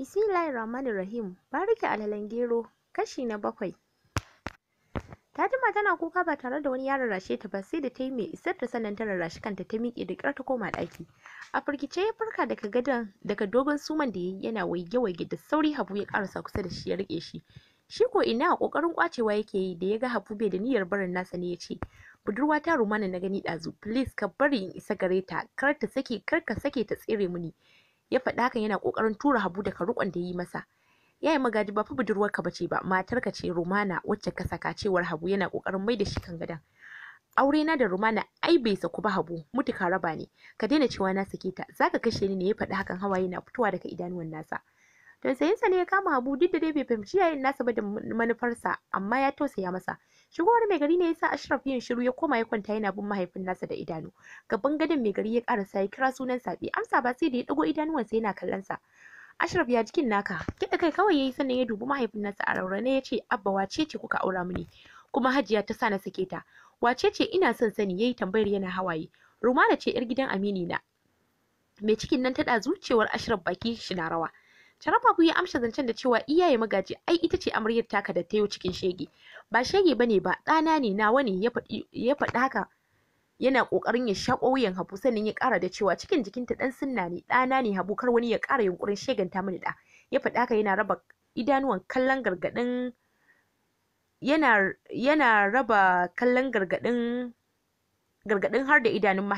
Bismillahir Rahmanir Rahim. Bariki alalan gero kashi na bakwai. Fatima tana kuka ba tare da wani ya rarrashe ta ba sai da ta yi mai isar ta sannan ta rarrashi kanta ta miƙe da ƙyar ta koma ɗaki. A firgice ya farka daga gadon daga dogon suman da ya yi yana waige-waige da sauri Habu ya ƙarasa kusa da shi ya riƙe shi. Shi ko ina a ƙoƙarin ƙwacewa yake yi da ya ga Habu bai da niyyar barin nasa ne ya ce, budurwa ta rumana na gani ɗazu, please ka bari in isa gare ta, kar ta sake kar ka sake ta tsere mini. ya faɗi hakan yana ƙoƙarin tura habu daga rukun da yi masa yayi magadi ba fa budurwarka bace ba matarka ce rumana wacce ka saka cewar habu yana ƙoƙarin mai da shi kan gadan aure na da rumana ai bai saku ba habu mutuka raba ne ka daina cewa na sake ta zaka kashe ni ne ya faɗi hakan hawaye na fitowa daga idanuwan nasa tausayinsa ne ya kama abu duk da dai bai fahimci yayin nasa ba da manufarsa amma ya tausaya masa shigowar mai gari ne ya sa ashraf yin shiru ya koma ya kwanta yana bin mahaifin nasa da idanu gaban gadon mai gari ya karasa ya kira sunan sa amsa ba sai da ya dago idanuwansa yana kallon sa ashraf ya jikin naka kida kai kawai yayi sannan ya dubi mahaifin nasa a raurane ya ce abba wace ce kuka aura mini kuma hajiya ta sa na sake ta wace ce ina son sani yayi tambayar yana hawaye rumana ce yar gidan amini na mai cikin nan ta da zuciyar ashraf baki shi na rawa Sharafafu ya amsa zancen da cewa iyaye magaji ai ita ce amaryar taka da tayo cikin shege. Ba shege bane ba ɗana ne nawa ne ya faɗi haka yana ƙoƙarin ya shaƙo wuyan Habu sannan ya ƙara da cewa cikin jikinta ɗan sunna ne ɗana ne Habu kar wani ya ƙara yunƙurin sheganta mini ɗa. Ya faɗi haka yana raba idanuwan kallon gargaɗin yana yana raba kallon gargaɗin gargaɗin har da idanun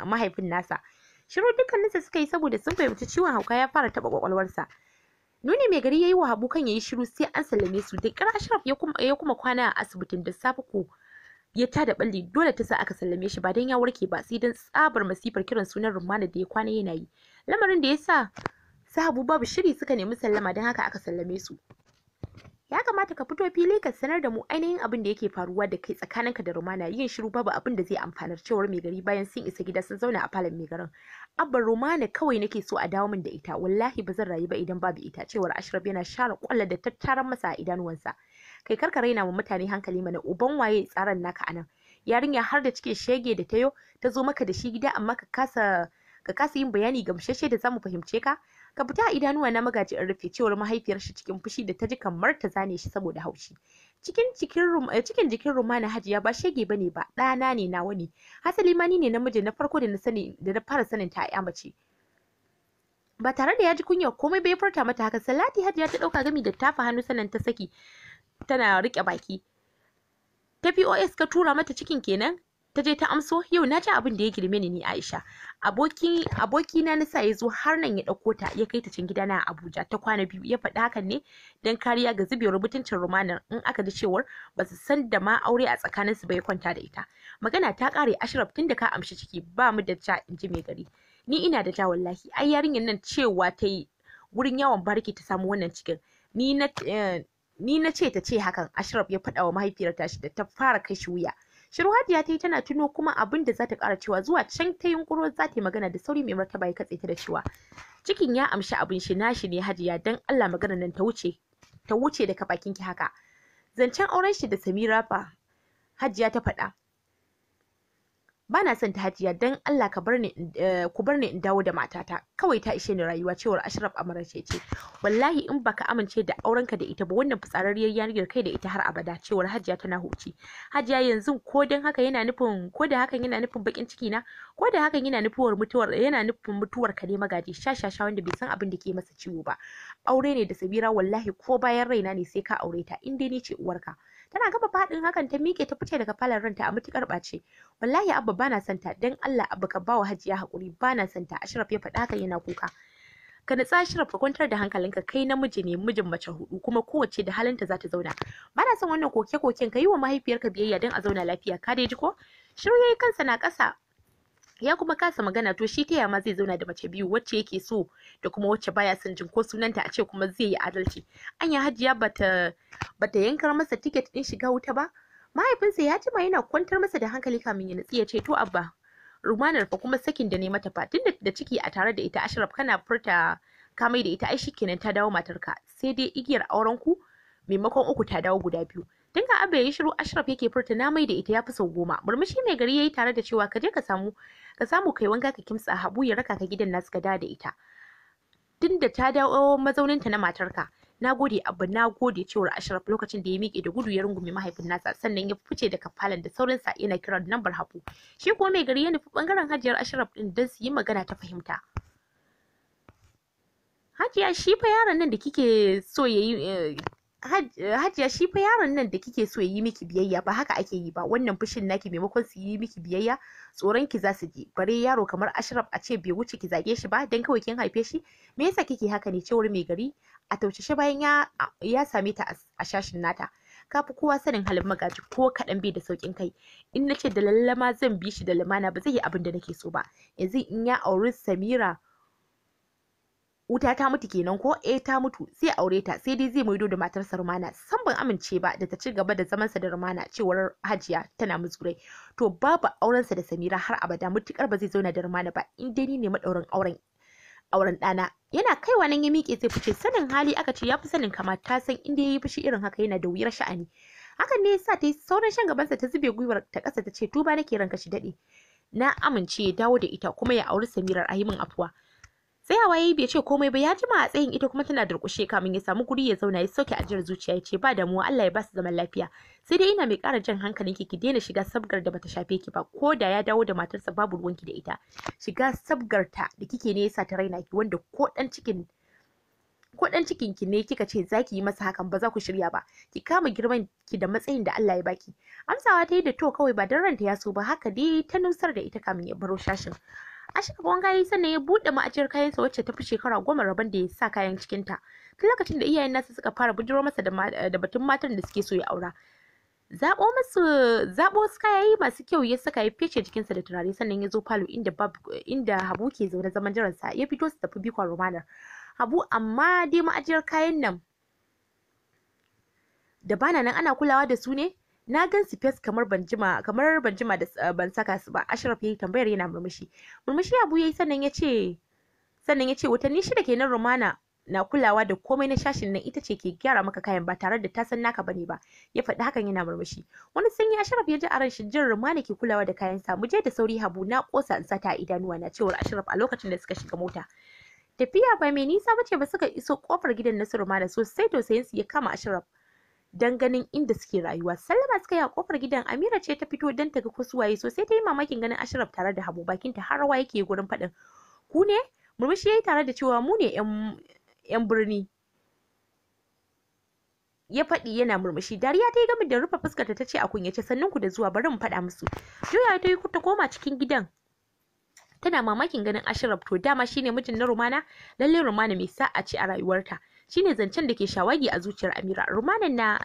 mahaifin nasa. Shiru dukkaninsa suka yi saboda sun fahimci ciwon hauka ya fara taɓa ƙwaƙwalwarsa. nuni mai gari yayi wa habu kan yayi shiru sai an sallame su da kira ashraf ya kuma ya kuma kwana a asibitin da safe ko ya da balli dole ta sa aka sallame shi ba dan ya warke ba sai dan tsabar masifar kiran sunan rumana da ya kwana yana yi lamarin da yasa sa habu babu shiri suka nemi sallama dan haka aka sallame su ya kamata ka fito fili ka sanar da mu ainihin abin da yake faruwa da kai tsakaninka da Romana yin shiru babu abin da zai amfanar cewar mai gari bayan sun isa gida sun zauna a falon mai garin abbar Romana kawai nake so a dawo min da ita wallahi ba zan rayu ba idan babu ita cewar Ashraf yana share kwalla da tattaran masa a idanuwansa kai karka raina wa mutane hankali mana uban waye tsaran naka anan yarinya har da cike shege da tayo ta zo maka da shi gida amma ka kasa ka kasa yin bayani gamsheshe da zamu fahimce ka ka fita a idanuwa na magaji in rufe cewar mahaifiyar shi cikin fushi da ta ji kamar ta zane shi saboda haushi cikin cikin eh, cikin jikin rumana hajiya ba shege bane ba ɗana ne nawa ne hasali ma ni ne namiji na farko da na sani da na fara sanin ta ya mace ba tare da ya ji kunya komai bai furta mata haka salati hajiya ta ɗauka gami da tafa hannu sannan ta saki tana riƙe baki ta pos ka tura mata cikin kenan ta je ta amso yau na ji abin da ya girme ni ni Aisha aboki aboki na nisa ya zo har nan ya dauko ta ya kai ta can gidana a Abuja ta kwana biyu ya faɗa hakan ne dan kariya ga zubewar mutuncin romanin in aka ji cewar ba su san da ma aure a tsakanin su ya kwanta da ita magana ta kare Ashraf tun da ka amshi ciki ba mu da ta inji mai gari ni ina da ta wallahi ai yarinyar nan cewa ta yi wurin yawon barki ta samu wannan cikin ni na eh, ni na ce ta ce hakan Ashraf ya faɗa wa mahaifiyar tashi da ta fara kai shi wuya Sharhadiya ta yi tana tuno kuma abin da za ta ƙara cewa zuwa can ta yunƙuro za ta yi magana da sauri mai martaba ya katse ta da cewa cikin ya amshi abin shi nashi ne Hajiya dan Allah magana nan ta wuce ta wuce daga bakin ki haka. Zancen auren shi da Samira fa Hajiya ta faɗa ba na son ta hajiya don Allah ka bar eh, ku bar ni in dawo da matata kawai ta ishe ni rayuwa cewar Ashraf Amara ce wallahi in baka amince da aurenka da ita ba wannan fitsararriyar yarinyar kai da ita har abada cewar hajiya tana huci hajiya yanzu ko dan haka yana nufin ko da hakan yana nufin bakin ciki na ko da hakan yana nufin mutuwar yana nufin mutuwar ka ne magaji sha wanda bai san abin da ke masa ciwo ba aure ne da Sabira wallahi ko bayan raina ne sai ka aure ta in dai ni ce uwarka tana gaba fadin hakan ta miƙe ta fice daga falon ranta a mutukar ɓace wallahi abba bana santa dan Allah abba ka bawa hajiya hakuri bana santa Ashraf ya faɗa yana kuka ka nutsa Ashraf ka kwantar da hankalinka kai namiji ne mijin mace hudu kuma kowace da halinta za ta zauna bana son wannan koke-koken ka yi wa mahaifiyarka biyayya dan a zauna lafiya ka dai ji ko shiru yayi kansa na ƙasa ya kuma kasa magana to shi taya ma zai zauna da mace biyu wacce yake so da kuma wacce baya son jin ko sunanta a ce kuma zai yi adalci anya hajiya bata bata yankar masa tiket din shiga wuta ba mahaifinsa ya ma yana kwantar masa da hankali kamin ya nutsi ya ce to abba rumanar fa kuma sakin da ne mata fa tunda da ciki a tare da ita ashraf kana furta kamai da ita aishi kenan ta dawo matarka sai dai igiyar aurenku maimakon uku ta dawo guda biyu tun ka abu yi shiru ashraf yake furta na mai da ita ya fi sau goma murmushi mai gari ya yi tare da cewa ka je ka samu ka samu kai wanka ka kimtsa habu ya raka ka gidan nasu ka da ita tun da ta dawo mazauninta na matarka na gode abu na gode cewar ashraf lokacin da ya miƙe da gudu ya rungumi mahaifin nasa sannan ya fice da falon da sa yana kiran nambar habu shi kuma mai gari ya nufi bangaren hajiyar ashraf din don su yi magana ta fahimta hajiya shi fa yaron nan da kike so yayi. Eh, hajiya shi fa yaron nan da kike so yi miki biyayya ba haka ake yi ba wannan fushin naki maimakon su yi miki biyayya tsoron ki za su ji bare yaro kamar ashraf a ce bai wuce ki zage shi ba dan kawai kin haife shi me yasa kike haka ne cewar mai gari a tauce bayan ya ya same ta a shashin nata kafi kowa sanin halin magaji ko kaɗan bai da saukin kai in nace da lallama zan bi shi da lumana ba zai yi abin da nake so ba yanzu in ya auri samira wuta ta mutu kenan ko eh ta mutu sai aure ta sai dai zai maido da matarsa rumana san ban amince ba da ta ci gaba da zamansa da rumana cewar hajiya tana muzurai to babu aurensa da samira har abada mutukar ba zai zauna da rumana ba in dai ni ne madaurin auren auren ɗana yana kaiwa nan ya miƙe sai fice sanin hali aka ce ya fi sanin kama ta san inda ya yi fushi irin haka yana da wuyar sha'ani hakan ne yasa ta yi sauran shan gaban sa ta zube gwiwar ta ƙasa ta ce tuba nake ranka shi daɗe na amince ya dawo da ita kuma ya auri samirar ahimin afuwa tsayawa ya yi bai ce komai ba ya jima a tsayin ita kuma tana durƙushe kamin ya samu guri ya zauna ya sauke ajiyar zuciya ya ce ba damuwa Allah ya ba su zaman lafiya sai dai ina mai ƙara jan hankalin ki ki daina shiga sabgar da bata shafe ki ba ko da ya dawo da matarsa babu ruwanki da ita shiga sabgar ta da kike ne yasa ta raina ki wanda ko dan cikin ko dan cikin ki ne kika ce zaki yi masa hakan ba za ku shirya ba ki kama girman ki da matsayin da Allah ya baki amsawa ta yi da to kawai ba dan ranta ya so ba haka dai ta nusar da ita kamin ya baro shashin a shiga gwangaye sannan ya buɗe ma'ajiyar kayansa wacce ta fi shekara goma rabon da ya sa kayan cikinta tun lokacin da iyayen nasa suka fara bujiro masa da batun matan da suke so ya aura zaɓo masu zaɓo suka yayi masu kyau ya saka ya fece jikinsa da turare sannan ya zo falo inda inda habu ke zaune zaman jiransa ya fito su tafi bikon romanar habu amma dai ma'ajiyar kayan nan da bana nan ana kulawa da su ne na gan su fes kamar ban jima kamar ban jima da eh, ban saka su ba ashraf yayi tambayar yana murmushi murmushi abu yayi sannan ya sannan ya ce watanni shida kenan romana na kulawa da komai na shashin nan ita ce ke gyara maka kayan ba tare da ta san naka bane ba ya faɗi hakan yana murmushi wani sanyi ashraf ya ji a ran shi jin rumana ke kulawa da kayan sa muje da sauri habu na kosa in sata idanuwa na cewa ashraf a lokacin da suka shiga mota tafiya ba mai nisa ba ce ba suka iso kofar gidan na su rumana sosai sayin su ya kama ashraf don ganin inda suke rayuwa sallama suka yi a kofar gidan amira ce ta fito don ta ga ko suwaye sosai ta yi mamakin ganin ashraf tare da habu bakin ta har rawa yake gurin faɗin ku ne murmushi yayi tare da cewa mu ne yan birni ya faɗi yana murmushi dariya ta yi gami da rufe fuskarta ta ce a kunyace sannan ku da zuwa bari mu faɗa musu juya ta yi ta koma cikin gidan tana mamakin ganin ashraf to dama shine mijin na rumana lalle rumana mai sa'a ce a rayuwarta shine zancen da ke shawagi a zuciyar Amira rumanan na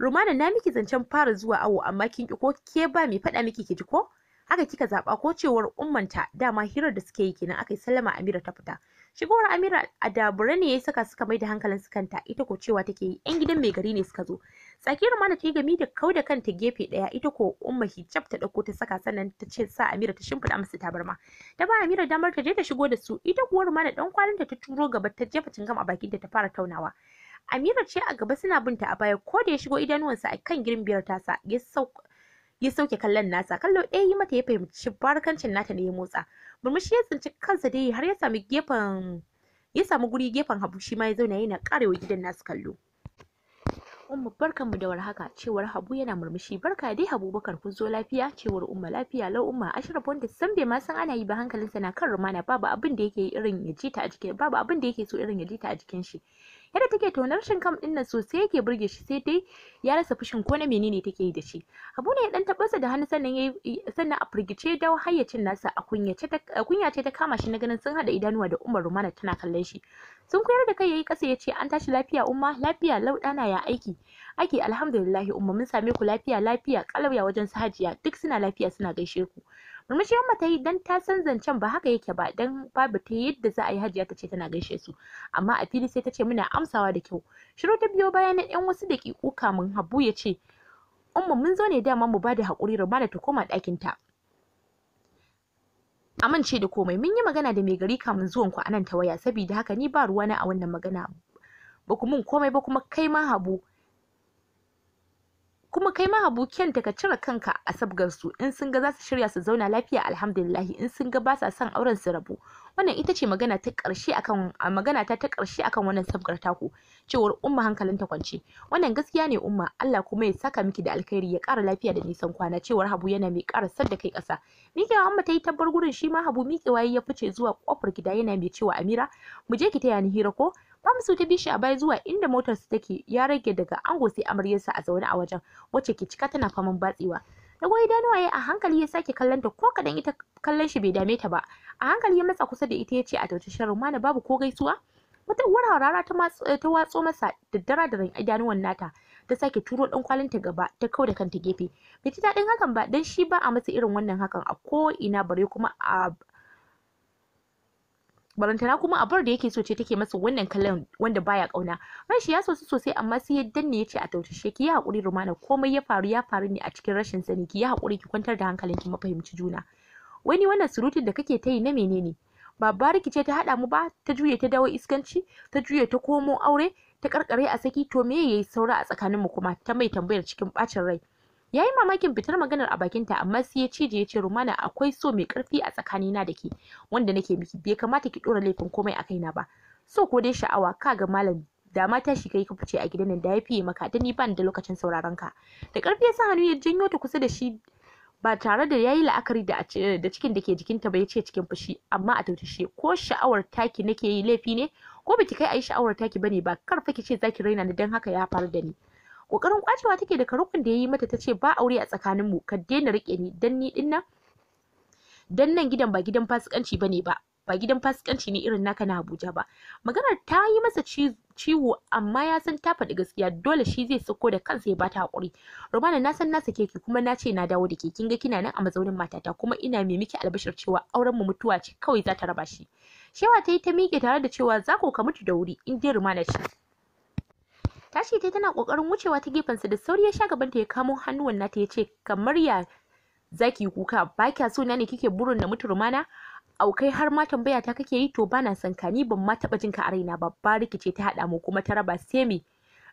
rumanan na miki zancen fara zuwa awo amma kin ki ko ke ba mai faɗa miki ki ji ko haka kika zaba ko cewar ummanta dama hirar da suke yi kenan akai sallama Amira ta fita shigowar Amira a dabure ne ya saka suka mai da hankalin su kanta ita ko cewa take yi yan gidan mai gari ne suka zo tsakiyar mana ta yi gami da kau da kanta gefe ɗaya ita ko umma hijab ta dauko ta saka sannan ta ce sa Amira ta shimfida musu tabarma ta ba Amira damar ta je ta shigo da su ita kuwa mana dan kwalin ta ta turo gaba ta jefa cingam a bakin ta ta fara taunawa Amira ce a gaba suna binta a baya ko da ya shigo idanuwansa a kan girmbiyar tasa ya sauka ya sauke kallon nasa kallo ɗaya yi mata ya fahimci barkancin nata ne ya motsa murmushi ya tsinci kansa dai har ya sami gefen ya samu guri gefen habu shi ma ya zauna yana karewa gidan nasu kallo umma barkanmu da warhaka cewar Habu yana murmushi barka dai Habu Bakar kun zo lafiya cewar Umma lafiya lau Umma Ashraf wanda san bai ma san ana yi ba hankalinsa na kan rumana babu abin da yake irin ya ji ta a jikin babu abin da yake so irin ya ji ta a jikin shi yadda take tonar kam din nan sosai yake burge shi sai dai ya rasa fushin ko na menene take yi da shi abu ne ya dan sa da hannu sannan sannan a firgice da hayyacin nasa a kunyace ta kunya ce ta kama shi na ganin sun hada idanuwa da Umar Rumana tana kallon shi sun koyar da kai yayi kasa yace an tashi lafiya umma lafiya laudana na ya aiki ake alhamdulillah umma mun same ku lafiya lafiya kalauya wajen su hajiya duk suna lafiya suna gaishe ku murmushi umma ta yi dan ta san zancen ba haka yake ba dan babu ta yadda za a yi hajiya ta ce tana gaishe su amma a fili sai ta ce muna amsawa da kyau shiru ta biyo baya na yan wasu daƙiƙu kamun habu ya ce umma mun zo ne dama mu bada haƙuri rumana ta koma ɗakin ta amince da komai mun yi magana da mai gari kamun zuwan ku anan ta waya saboda haka ni ba ruwana a wannan magana ba ku mun komai ba kuma kai ma habu kuma kai ma abokiyan ta ka cire kanka a sabgar su in sun ga za su shirya su zauna lafiya alhamdulillah, in sun ga ba sa son auren su rabu wannan ita ce magana ta ƙarshe akan magana ta ta ƙarshe akan wannan sabgar taku cewar umma hankalin ta kwance wannan gaskiya ne umma Allah kuma ya saka miki da alkhairi ya ƙara lafiya da nisan kwana cewar Habu yana mai ƙara sar da kai ƙasa miƙewa amma ta yi tabbar gurin shi ma Habu waye ya fice zuwa kofar gida yana mai cewa Amira mu je ki taya ni hira ko Mamsu ta bi shi a baya zuwa inda su take ya rage daga ango sai amaryarsa a zaune a wajen wacce ke cika tana faman batsewa. Dago idanuwa ya a hankali ya sake kallon ta ko kadan ita kallon shi bai dame ta ba. A hankali ya matsa kusa da ita ya ce a tauce sharon na babu ko gaisuwa. Wata wararara eh, ta watso masa daddara da ran idanuwan nata ta sake turo dan kwalin ta gaba ta kau da kanta gefe. Bai ji daɗin hakan ba dan shi ba a masa irin wannan hakan a ko ina bare kuma a barantana kuma abar da yake so ce take masa wannan kallon wanda baya kauna shi ya sosu sosai amma sai ya danne yace a taushe ki ya hakuri rumana komai ya faru ya faru ne a cikin rashin sani ki ya hakuri ki kwantar da hankalin ki mafahimci juna wani wannan surutun da kake ta yi na menene ba bariki ce ta hada mu ba ta juye ta dawo iskanci ta juye ta komo aure ta karkare a saki to me yayi saura a tsakanin mu kuma ta mai tambayar cikin bacin rai ya yi mamakin fitar maganar a bakinta amma sai ya cije ya ce rumana akwai so mai karfi a tsakanina da ke wanda nake miki bai kamata ki dora laifin komai a kaina ba so ko dai sha'awa ka ga malam da ma tashi kai ka fice a gidan nan da ya fiye maka da ni ban da lokacin sauraron ka da karfi ya sa hannu ya janyo ta kusa da shi ba tare da yayi la'akari da da cikin da ke jikinta ba ya ce cikin fushi amma a tautashe ko sha'awar taki nake yi laifi ne ko baki kai ayi sha'awar taki bane ba karfa ki ce zaki raina ni dan haka ya faru da ni kokarin kwacewa take daga rukun da yayi mata tace ba aure a tsakanin mu ka daina rike ni dan ni din nan dan nan gidan ba gidan fasikanci bane ba ba gidan fasikanci ne irin naka na Abuja ba maganar ta yi masa ciwo amma ya san ta faɗi gaskiya dole shi zai sako da kansa ya bata hakuri Romana na san nasa sake kuma na ce na dawo da ke kin ga kina nan a mazaunin matata kuma ina mai miki albashir cewa auren mu mutuwa ce kawai za ta raba shi Shewa ta yi ta miƙe tare da cewa za ku ka mutu da wuri in dai Romana ce tashi ta tana kokarin wucewa ta gefensa da sauri ya sha ta ya kamo hannuwan nata ya ce kamar ya zaki kuka ba kya so ne kike burin na mutu rumana aukai har ma tambaya ta kake yi to bana sankani ka ban ma taba jin ka a raina ba rikice ta hada mu kuma ta raba sai me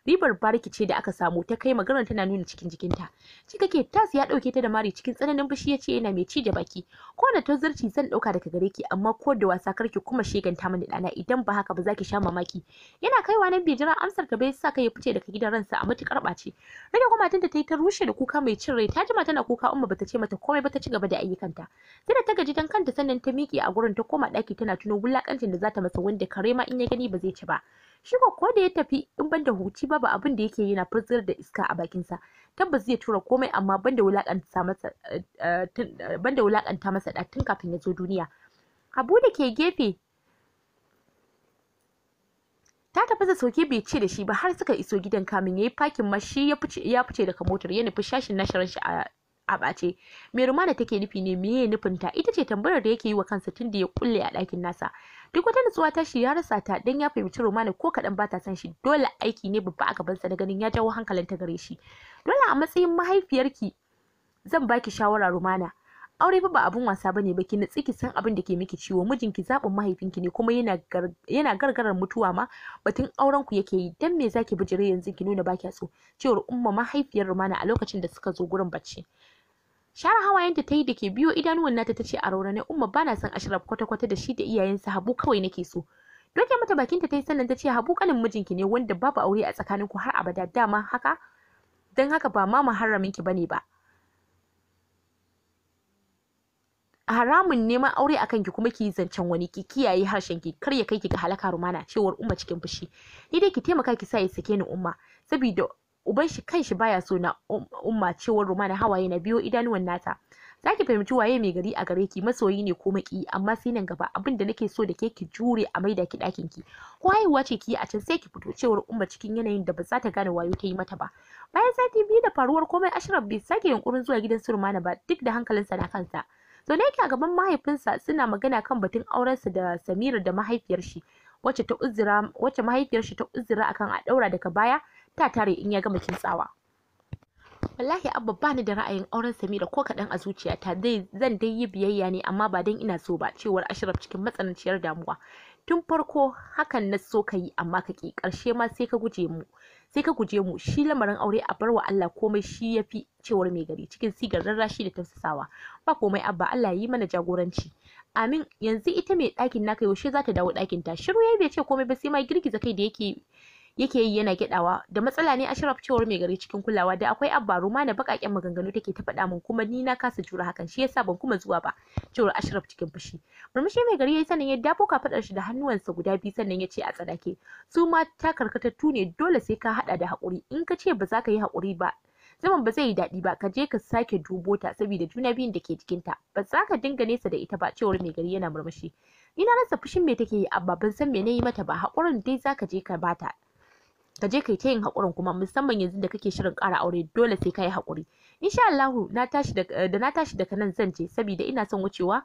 ribar bariki ce da aka samu ta kai maganar tana nuna cikin jikinta cikake tas ya dauke ta da mari cikin tsananin fushi ya ce yana mai ci da baki ko da tozarci zan dauka daga gare ki amma ko da wasa karki kuma sheganta mani dana idan ba haka ba za ki sha mamaki yana kaiwa nan bai jira amsar ta bai sa kai ya fice daga gidan ransa a matukar ɓace rage kuma tunda ta yi ta rushe da kuka mai cin rai ta jima tana kuka umma bata ce mata komai ba ta ci gaba da ayyukanta sai da ta gaji dan kanta sannan ta miƙe a gurin ta koma ɗaki tana tuno wulakancin da za ta masa wanda kare ma in ya gani ba zai ci ba shi ko ko da ya tafi in banda huci babu abin da yake yi na furtsar da iska a bakinsa tabbas zai tura komai amma banda wulakanta masa eh, eh, eh, banda wulakanta masa da tun kafin ya zo duniya abu da ke gefe ta tafi da sauke bai ce da shi ba har suka iso gidan kamin yayi fakin ma shi ya fice ya fice daga motar ya nufi shashin nasharan shi a a bace me rumana take nufi ne meye nufin ta ita ce tambayar da yake yi wa kansa tun da ya kulle a ɗakin nasa duk wata nutsuwa ta shi ya rasa ta dan ya fahimci Romana ko kadan ba ta san shi dole aiki ne babba a gaban sa da ganin ya jawo hankalin ta gare shi dole a matsayin mahaifiyarki zan baki shawara Romana aure fa ba abun wasa bane ba ki nutsi ki san abin da ke miki ciwo mijinki zaɓin mahaifinki ne kuma yana yana gargarar mutuwa ma batun auren ku yake yi dan me zaki bijire yanzu ki nuna baki so cewar umma mahaifiyar Romana a lokacin da suka zo gurin bacci share hawayenta ta yi da ke biyo idanuwan nata ta ce a raunane umma bana son ashraf kwata-kwata da shi da iyayensa habu kawai nake so doke mata bakinta ta yi sannan ta ce habu kanin mijinki ne wanda babu aure a tsakaninku har abada dama haka don haka ba ma ki bane ba haramun neman aure akan ki kuma ki zancen wani ki kiyaye harshen ki kar ya kai ki ga halaka rumana cewar umma cikin fushi ni dai ki taimaka ki sa ya sake ni umma saboda uban shi shi baya so na um, umma cewar rumana hawaye na biyo idanuwan nata za ki fahimci waye mai gari a gare ki masoyi ne ko maki amma sai nan gaba abin da nake so da ke ki jure a maida ki dakin ki ko haihuwa ce ki a can sai ki fito cewar umma cikin yanayin da ba za ta gane wayo ta yi mata ba bayan sati biyu da faruwar komai ashraf bai sake yunkurin zuwa gidan su rumana ba duk da hankalinsa na kansa zaune yake a gaban mahaifinsa suna magana kan batun aurensa da samira da mahaifiyar shi wacce ta uzura wacce mahaifiyar shi ta uzura akan a daura daga baya ta tare in ya gama kintsawa wallahi abba bani da ra'ayin auren samira ko kaɗan a zuciyata dai zan dai yi biyayya ne amma ba dan ina so ba cewar ashraf cikin matsananciyar damuwa tun farko hakan na so ka amma ka ƙi ƙarshe ma sai ka guje mu sai ka guje mu shi lamarin aure a barwa Allah komai shi yafi cewar mai gari cikin sigar rarrashi da tafsasawa ba komai abba Allah yi mana jagoranci amin yanzu ita mai ɗakin naka yaushe za ta dawo ɗakin ta shiru ya bai ce komai ba sai ma girgiza kai da yake yake yi yana kidawa da matsala ne a Ashraf cewar mai gari cikin kulawa da akwai abba ruma na bakaken maganganu take ta faɗa mun kuma ni na kasa jura hakan shi yasa ban kuma zuwa ba cewar Ashraf cikin fushi murmushi mai gari yayi sanin ya dafo kafadar shi da hannuwansa guda biyu sannan ya ce a tsadake su ma ta karkatattu ne dole sai ka hada da hakuri in ka ce ba za ka yi hakuri ba zaman ba zai yi daɗi ba ka je ka sake dubo ta saboda juna biyun da ke jikinta ba za ka dinga nesa da ita ba cewar mai gari yana murmushi ina rasa fushin me take yi abba ban san me na yi mata ba haƙurin dai zaka je ka bata ka je kai ta yin haƙurin kuma musamman yanzu da kake shirin ƙara aure dole sai ka yi haƙuri insha Allahu na tashi eh, da na tashi daga nan zan je saboda ina son wucewa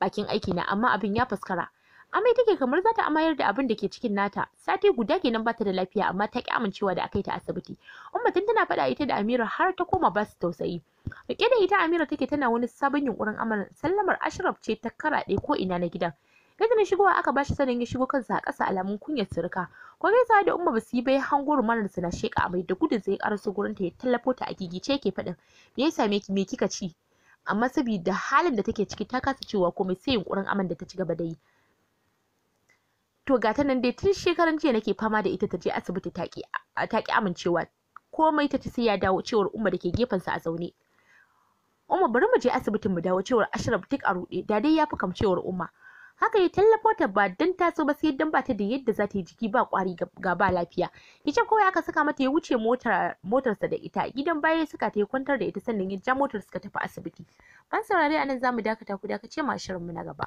bakin aiki na amma abin ya faskara amai take kamar za ta amayar da abin da ke cikin nata sati guda kenan bata da lafiya amma ta ki amincewa da akai ta asibiti umma tun tana faɗa ita da Amira har ta koma ba tausayi rike da ita Amira take tana wani sabon yunkurin amalan. sallamar Ashraf ce ta karaɗe ko ina na gidan Gaisuwar shigowa aka bashi sanin ya shigo kansa a ƙasa alamun kunyar sirka. Ko yasa da Umma basu yi bai hango rumanar sa na sheka. amai da gudu zai ƙaraso gurin ta ya tallafo ta a gigice yake fadin Me ya same ki me kika ci? Amma saboda halin da take ciki ta kasa cewa komai sai yunkurin aman da ta ci gaba da yi. To ga ta nan dai tun shekaran jiya nake fama da ita ta je asibiti ta ki amincewa komai ta ci sai ya dawo cewar Umma da ke sa a zaune. Umma bari mu je asibitin mu dawo cewar Ashraf duk a ruɗe da dai ya fi kamcewar Umma. haka ya tallafo ta ba dan taso ba sai dan ba da yadda za ta yi jiki ba kwari ga ba lafiya hijab kawai aka saka mata ya wuce motar motarsa da ita gidan baya suka ta kwantar da ita sannan ya ja motar suka tafi asibiti ban saurare anan zamu dakata ku dakace mashirin mu na gaba